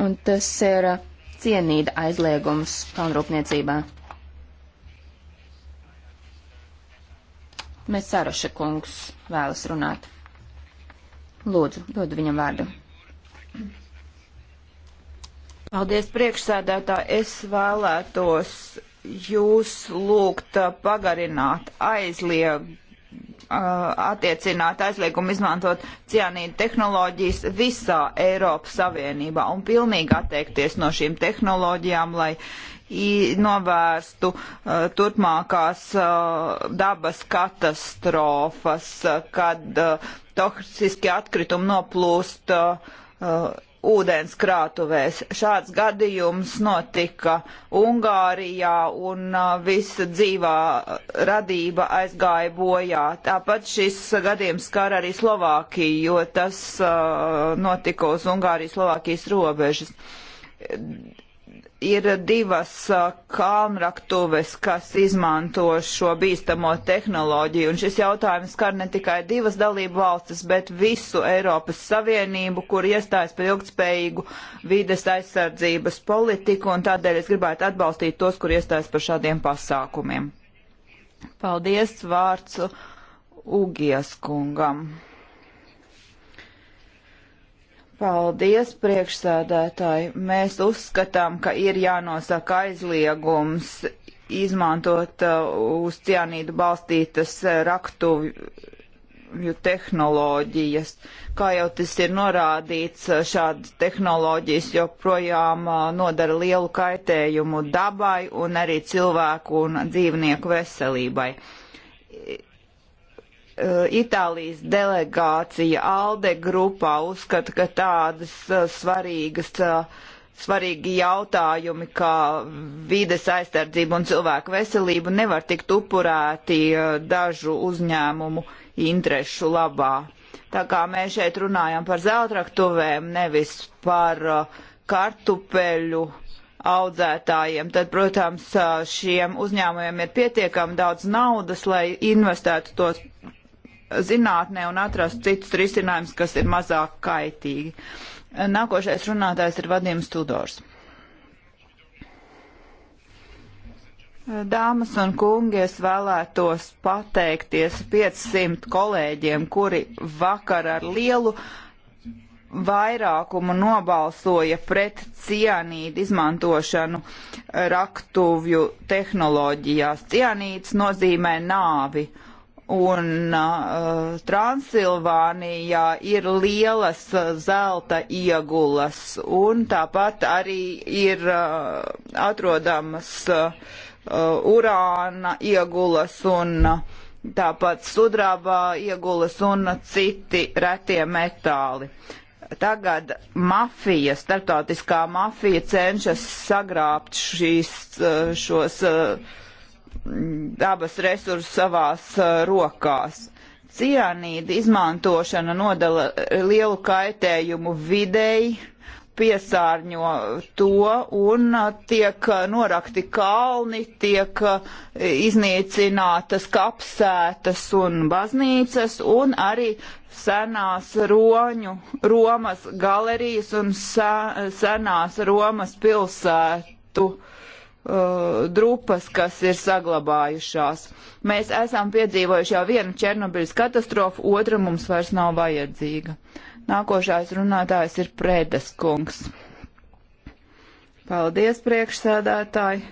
un tas ir uh, cienīda aizliegums kalnrūpniecībā. Mēs Saraša kungs vēlas runāt. Lūdzu, dod viņam vārdu. Paldies, priekšsēdētā. Es vēlētos jūs lūgt uh, pagarināt aizliegumu Uh, attiecināt aizliegumu izmantot cianīdu tehnoloģijas visā Eiropas Savienībā un pilnīgi atteikties no šīm tehnoloģijām, lai novērstu uh, turpmākās uh, dabas katastrofas, uh, kad uh, toksiski atkritumi noplūst uh, uh ūdenskrātuvēs. Šāds gadījums notika Ungārijā un visa dzīvā radība aizgāja bojā. Tāpat šis gadījums skar arī Slovākiju, jo tas uh, notika uz Ungārijas-Slovākijas robežas ir divas uh, kalnraktuves, kas izmanto šo bīstamo tehnoloģiju, un šis jautājums skar ne tikai divas dalību valstis, bet visu Eiropas Savienību, kur iestājas par ilgtspējīgu vides aizsardzības politiku, un tādēļ es gribētu atbalstīt tos, kur iestājas par šādiem pasākumiem. Paldies vārds Ugies kungam. Paldies, priekšsēdētāji. Mēs uzskatām, ka ir jānosaka aizliegums izmantot uh, uz cianīdu balstītas uh, raktuvju tehnoloģijas. Kā jau tas ir norādīts, uh, šādas tehnoloģijas joprojām uh, nodara lielu kaitējumu dabai un arī cilvēku un dzīvnieku veselībai. Uh, Eh, Itālijas delegācija ALDE grupā uzskata, ka tādas eh, svarīgas, eh, svarīgi jautājumi kā vides aizsardzība un cilvēku veselība nevar tikt upurēti dažu uzņēmumu interešu labā. Tā kā mēs šeit runājam par zeltraktuvēm, nevis par kartupeļu audzētājiem, tad, protams, šiem uzņēmumiem ir pietiekami daudz naudas, lai investētu tos zinātnē un atrast citus risinājumus, kas ir mazāk kaitīgi. Nākošais runātājs ir Vadims Tudors. Dāmas un kungi, es vēlētos pateikties 500 kolēģiem, kuri vakar ar lielu vairākumu nobalsoja pret cianīdu izmantošanu raktuvju tehnoloģijās. Cianīds nozīmē nāvi. Uh, un uh, Transilvānijā ir lielas uh, zelta iegulas, un tāpat arī ir uh, atrodamas uh, uh urāna iegulas un uh, tāpat sudrabā iegulas un citi retie metāli. Tagad mafija, starptautiskā mafija cenšas sagrābt šīs, šos uh, dabas resursus savās eh, rokās. Cianīda izmantošana nodala eh, lielu kaitējumu videi, piesārņo to un eh, tiek norakti kalni, tiek iznīcinātas kapsētas un baznīcas un arī senās roņu, Romas galerijas un senās Romas pilsētu uh, Uh, drupas, kas ir saglabājušās. Mēs esam piedzīvojuši jau vienu Černobiļas katastrofu, otra mums vairs nav vajadzīga. Nākošais runātājs ir Prēdes kungs. Paldies, priekšsēdētāji!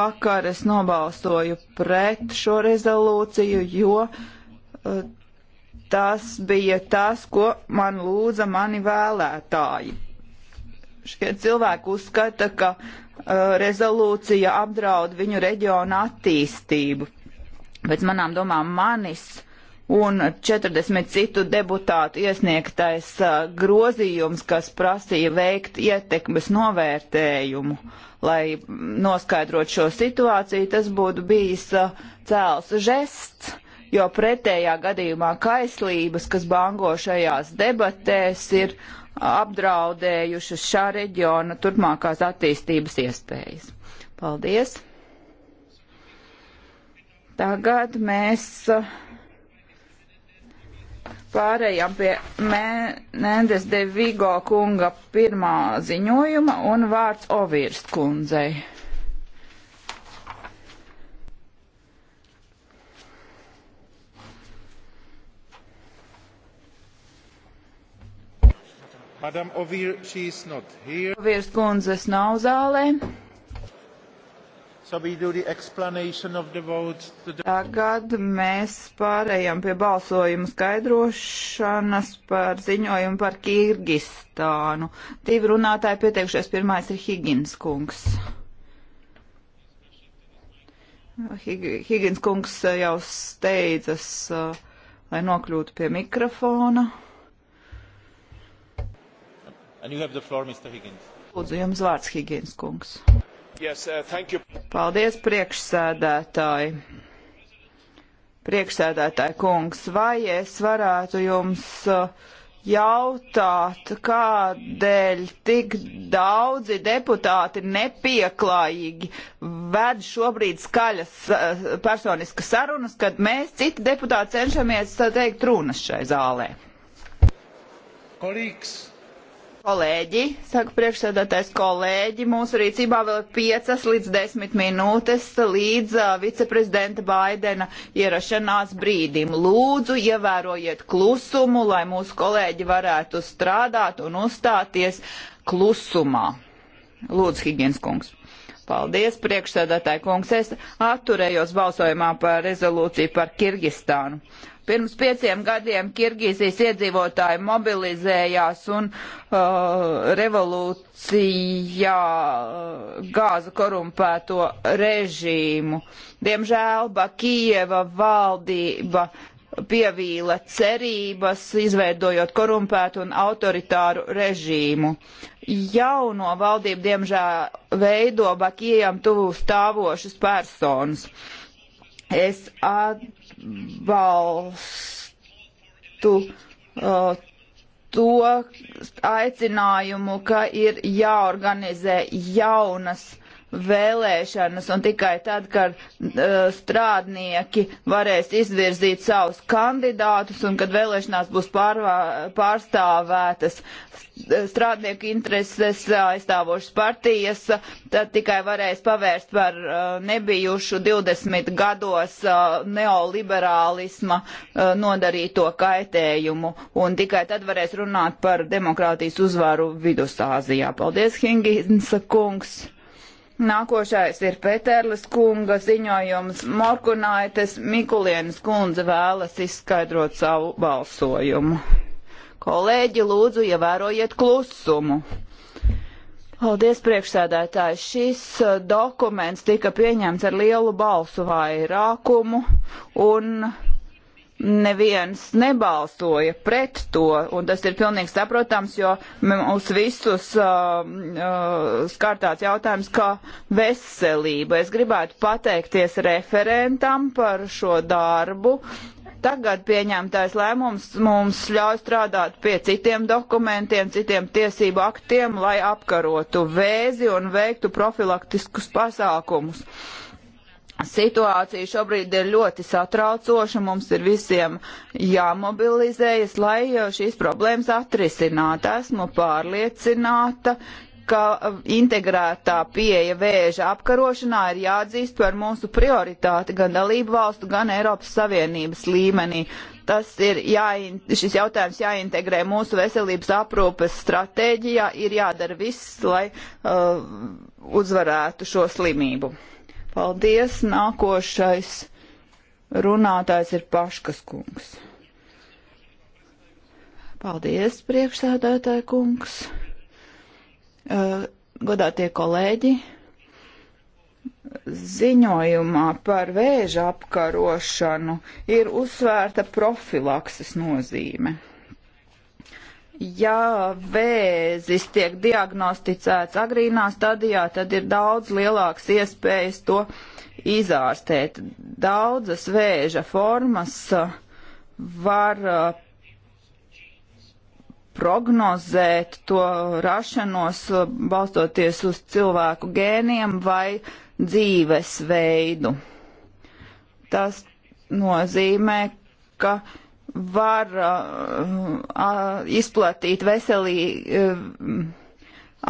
Vakar es nobalsoju pret šo rezolūciju, jo uh, tas bija tas, ko man lūdza mani vēlētāji. Šie cilvēki uzskata, ka uh, Uh, rezolūcija apdraud viņu reģionu attīstību. Pēc manām domām manis un 40 citu deputātu iesniegtais uh, grozījums, kas prasīja veikt ietekmes novērtējumu, lai noskaidrot šo situāciju, tas būtu bijis uh, cēls žests, jo pretējā gadījumā kaislības, kas bango šajās debatēs, ir uh, apdraudējušas šā reģiona turpmākās attīstības iespējas. Paldies! Tagad mēs uh, pārējām pie Mendes de Vigo kunga pirmā ziņojuma un vārds Ovirst kundzei. Madam Ovir, she is not here. Ovirs kundzes nav zālē. So we do the explanation of the votes. To the... Tagad mēs pārējām pie balsojuma skaidrošanas par ziņojumu par Kirgistānu. Divi runātāji pieteikušies, pirmais ir Higgins kungs. Hig Higgins kungs jau steidzas, uh, lai nokļūtu pie mikrofona. Floor, Lūdzu, jums vārds Higgins kungs. Yes, uh, Paldies, priekšsēdētāji. Priekšsēdētāji kungs, vai es varētu jums uh, jautāt, kādēļ tik daudzi deputāti nepieklājīgi ved šobrīd skaļas uh, personiskas sarunas, kad mēs citi deputāti cenšamies teikt runas šai zālē? Kolīgs. Kolēģi, saka priekšsēdētājs kolēģi, mūsu rīcībā vēl ir 5 līdz 10 minūtes līdz uh, viceprezidenta Baidena ierašanās brīdim. Lūdzu, ievērojiet klusumu, lai mūsu kolēģi varētu strādāt un uzstāties klusumā. Lūdzu, Higiens kungs. Paldies, priekšsēdētāji kungs. Es atturējos balsojumā par rezolūciju par Kirgistānu Pirms pieciem gadiem Kirgīzijas iedzīvotāji mobilizējās un uh, revolūcijā uh, gāza korumpēto režīmu. Diemžēl Bakieva valdība pievīla cerības, izveidojot korumpētu un autoritāru režīmu. Jauno valdību, diemžēl, veido Bakijam tuvu stāvošas personas. Es atbalstu uh, to aicinājumu, ka ir jāorganizē jaunas vēlēšanas, un tikai tad, kad uh, strādnieki varēs izvirzīt savus kandidātus un kad vēlēšanās būs pārvā, pārstāvētas strādnieku intereses uh, aizstāvošas partijas, uh, tad tikai varēs pavērst par uh, nebijušu 20 gados uh, neoliberālisma uh, nodarīto kaitējumu, un tikai tad varēs runāt par demokrātijas uzvaru Vidusāzijā. Paldies, Hinginsa kungs! Nākošais ir Peterlis kunga ziņojums. Morkunaitis Mikulienas kundze vēlas izskaidrot savu balsojumu. Kolēģi, lūdzu, ievērojiet klusumu. Paldies, priekšsēdētāji. Šis uh, dokuments tika pieņemts ar lielu balsu vairākumu un neviens nebalsoja pret to, un tas ir pilnīgi saprotams, jo mums visus um, uh, uh, skartāts jautājums, kā veselība. Es gribētu pateikties referentam par šo darbu. Tagad pieņemtais lēmums mums ļauj strādāt pie citiem dokumentiem, citiem tiesību aktiem, lai apkarotu vēzi un veiktu profilaktiskus pasākumus. Uh, Situācija šobrīd ir ļoti satraucoša, mums ir visiem jāmobilizējas, lai uh, šīs problēmas atrisinātu. Esmu pārliecināta, ka uh, integrētā pieeja vēža apkarošanā ir jāatzīst par mūsu prioritāti gan dalību valstu, gan Eiropas Savienības līmenī. Tas ir jāin, šis jautājums jāintegrē mūsu veselības aprūpes stratēģijā, ir jādara viss, lai uh, uzvarētu šo slimību. Paldies! Nākošais runātājs ir Paškas kungs. Paldies, priekšsēdētāja kungs! Eh, godātie kolēģi! ziņojumā par vēža apkarošanu ir uzsvērta profilakses nozīme ja vēzis tiek diagnosticēts agrīnā stadijā, tad ir daudz lielāks iespējas to izārstēt. Daudzas vēža formas uh, var uh, prognozēt to rašanos uh, balstoties uz cilvēku gēniem vai dzīvesveidu. Tas nozīmē, ka uh, var uh, izplatīt veselīgi uh,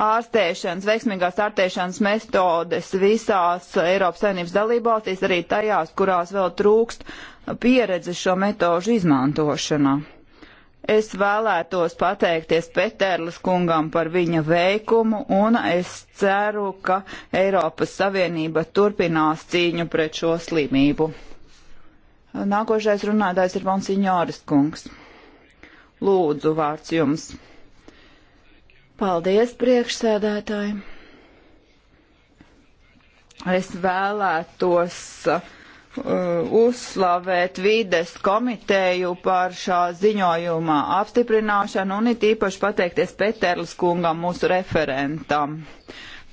ārstēšanas, veiksmīgās ārstēšanas metodes visās Eiropas Savienības dalībvalstīs, arī tajās, kurās vēl trūkst pieredzes šo metožu izmantošanā. Es vēlētos pateikties Peterlis kungam par viņa veikumu, un es ceru, ka Eiropas Savienība turpinās cīņu pret šo slimību. Nākošais runātājs ir Monsignoris kungs. Lūdzu, vārds jums. Paldies, priekšsēdētāji. Es vēlētos uh, uzslavēt vides komiteju par šā ziņojuma apstiprināšanu un it īpaši pateikties Peterlis kungam, mūsu referentam.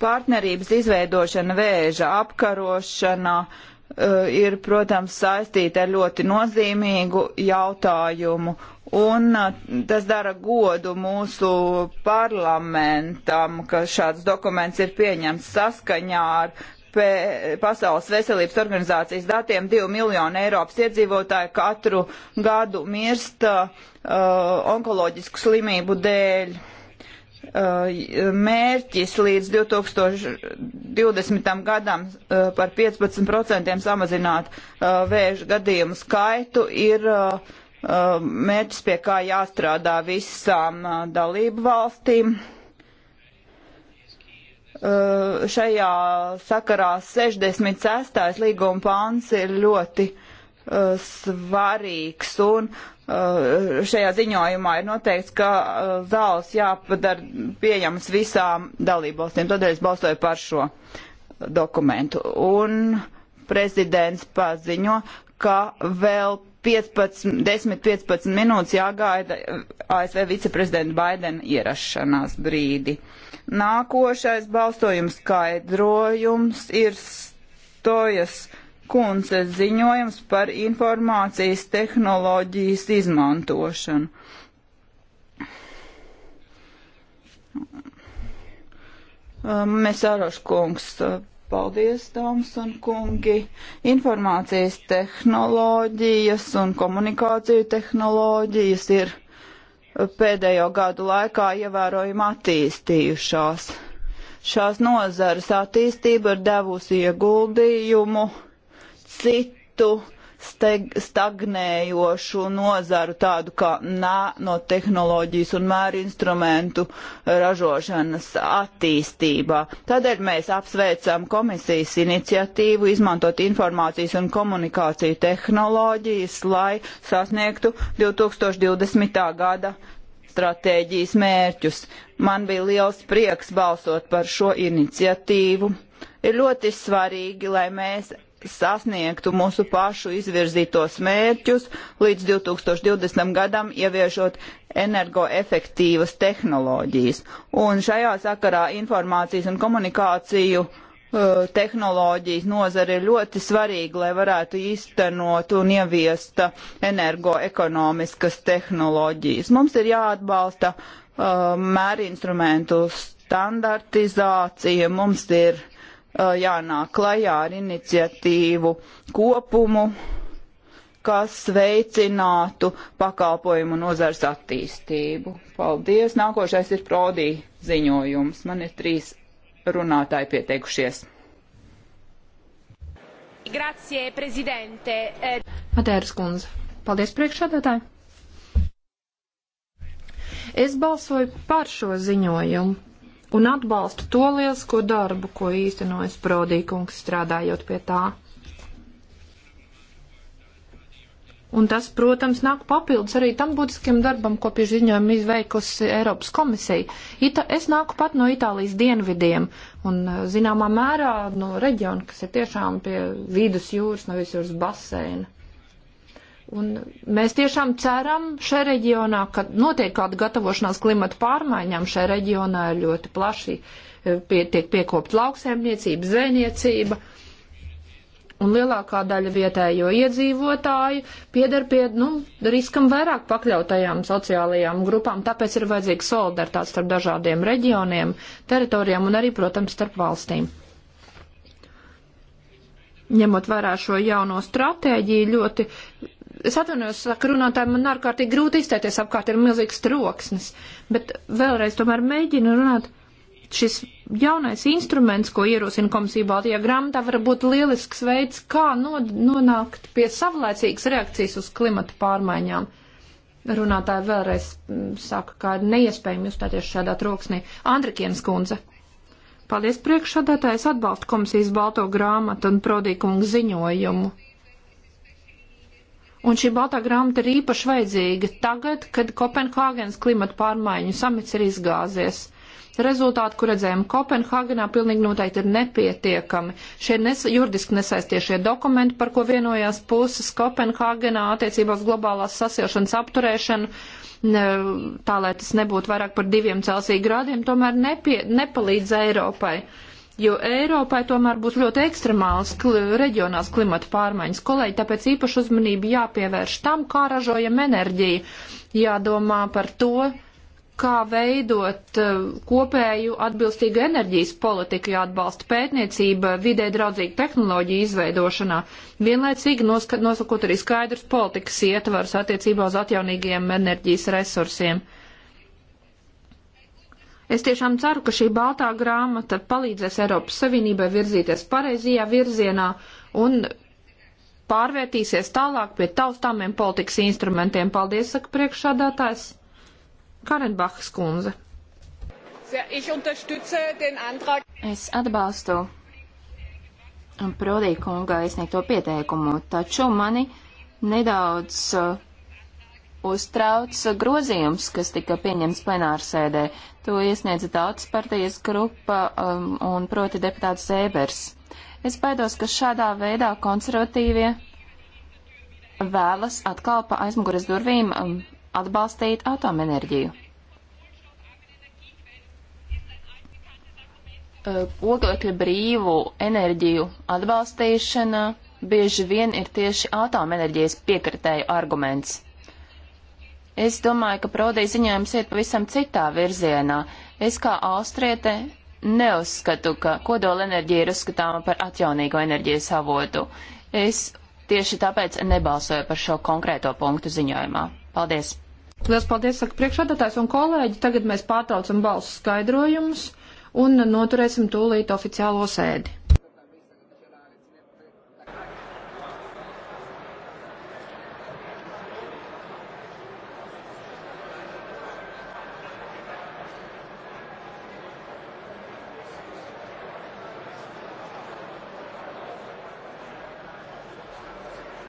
Partnerības izveidošana vēža apkarošana uh, Eh, ir, protams, saistīta ar ļoti nozīmīgu jautājumu, un eh, tas dara godu mūsu parlamentam, ka šāds dokuments ir pieņemts saskaņā ar Pasaules veselības organizācijas datiem 2 miljonu Eiropas iedzīvotāju katru gadu mirst uh, onkoloģisku slimību dēļ. Uh, Uh, mērķis līdz 2020. gadam uh, par 15% samazināt uh, vēža gadījumu skaitu ir mērķis, pie kā jāstrādā visām dalību valstīm. Šajā sakarā 66. līguma pāns ir ļoti uh, Eh, svarīgs. Un eh, šajā ziņojumā ir noteikts, ka eh, zāles jāpadara pieejams visām dalībvalstīm. Tādēļ es balsoju par šo dokumentu. Un prezidents paziņo, ka vēl 15, 10-15 minūtes jāgaida ASV viceprezidenta Baidena ierašanās brīdi. Nākošais balstojums skaidrojums ir stojas kundzes ziņojums par informācijas tehnoloģijas izmantošanu. Mēs um, Aroš kungs, uh, paldies, dāmas un kungi. Informācijas tehnoloģijas un komunikāciju tehnoloģijas ir uh, pēdējo gadu laikā ievērojami attīstījušās. Šās nozares attīstība ir devusi ieguldījumu uh, citu steg, stagnējošu nozaru, tādu kā nanotehnoloģijas un mēri instrumentu ražošanas attīstībā. Tādēļ mēs apsveicam komisijas iniciatīvu izmantot informācijas un komunikāciju tehnoloģijas, lai sasniegtu 2020. gada stratēģijas mērķus. Man bija liels prieks balsot par šo iniciatīvu. Ir ļoti svarīgi, lai mēs sasniegtu mūsu pašu izvirzītos mērķus līdz 2020. gadam, ieviešot energoefektīvas tehnoloģijas. Un šajā sakarā informācijas un komunikāciju uh, tehnoloģijas nozare ir ļoti svarīga, lai varētu īstenot un ieviest energoekonomiskas tehnoloģijas. Mums ir jāatbalsta uh, mērinstrumentu standartizācija, mums ir uh, jānāk klajā ar iniciatīvu kopumu, kas veicinātu pakalpojumu nozars attīstību. Paldies! Nākošais ir Prodī ziņojums. Man ir trīs runātāji pieteikušies. Grazie, prezidente. Eh, Matēras kundze. Paldies priekšsādātāji. Es balsoju par šo ziņojumu, un atbalstu to lielisko darbu, ko īstenojas Prodīkungs strādājot pie tā. Un tas, protams, nāk papildus arī tam būtiskiem darbam, ko pie ziņojuma izveikusi Eiropas komisija. Ita, es nāku pat no Itālijas dienvidiem un, eh, zināmā mērā, no reģiona, kas ir tiešām pie vidus jūras, no visjūras baseina. Un mēs tiešām ceram šajā reģionā, ka notiek kāda gatavošanās klimata pārmaiņām. Šajā reģionā ir ļoti plaši eh, pie, tiek piekopt lauksēmniecība, zvejniecība. Un lielākā daļa vietējo iedzīvotāju pieder pie, nu, riskam vairāk pakļautajām sociālajām grupām, tāpēc ir vajadzīga solidaritāte starp dažādiem reģioniem, teritorijām un arī, protams, starp valstīm ņemot vērā šo jauno stratēģiju, ļoti Es atvainojos, saka runātāji, man ārkārtīgi grūti izteikties, apkārt ir milzīgs troksnis, bet vēlreiz tomēr mēģinu runāt. Šis jaunais instruments, ko ierosina komisija Baltijā grāmatā, var būt lielisks veids, kā nonākt pie savlaicīgas reakcijas uz klimata pārmaiņām. Runātāji vēlreiz mm, saka, kā ir neiespējami uzstāties šādā troksnī. Andrikienas kundze. Paldies priekšādātājs atbalsta komisijas balto grāmatu un prodīkumu ziņojumu. Un šī baltā grāmata ir īpaši vajadzīga tagad, kad Kopenhāgenes klimata pārmaiņu samits ir izgāzies. Rezultāti, kur redzējām Kopenhāgenā, pilnīgi noteikti ir nepietiekami. Šie nes juridiski nesaistiešie dokumenti, par ko vienojās puses Kopenhāgenā attiecībā uz globālās sasilšanas apturēšanu, ne, tā lai tas nebūtu vairāk par diviem Celsija grādiem, tomēr nepie, nepalīdz Eiropai. Uh, jo Eiropai tomēr būs ļoti ekstremāls kli, reģionāls klimata pārmaiņas. Kolēģi, tāpēc īpaši uzmanību jāpievērš tam, kā ražojam enerģiju, jādomā par to, kā veidot eh, kopēju atbilstīgu enerģijas politiku, jāatbalsta pētniecība, vidē draudzīga tehnoloģija izveidošanā, vienlaicīgi nosakot arī skaidrs politikas ietvars attiecībā uz atjaunīgiem enerģijas resursiem. Es tiešām ceru, ka šī baltā grāmata palīdzēs Eiropas Savienībai virzīties pareizajā virzienā un pārvērtīsies tālāk pie taustāmiem politikas instrumentiem. Paldies, saka priekšsādātājs Karenbachs kundze. Es atbalstu Prodī kunga iesniegto pieteikumu, taču mani nedaudz uh, uztrauc grozījums, kas tika pieņemts plenārsēdē. To iesniedza tautas partijas grupa um, un proti deputāts Zēbers. Es baidos, ka šādā veidā konservatīvie vēlas atkal pa aizmugures durvīm um, atbalstīt atomenerģiju. Uh, oglekļa brīvu enerģiju atbalstīšana bieži vien ir tieši atomenerģijas piekritēju arguments. Es domāju, ka Prodī ziņojums iet pavisam citā virzienā. Es kā austriete neuzskatu, ka kodolenerģija ir uzskatāma par atjaunīgo enerģijas avotu. Es tieši tāpēc nebalsoju par šo konkrēto punktu ziņojumā. Paldies! Lielas paldies, saka priekšādātājs un kolēģi. Tagad mēs pārtraucam balsu skaidrojumus un noturēsim tūlīt oficiālo sēdi.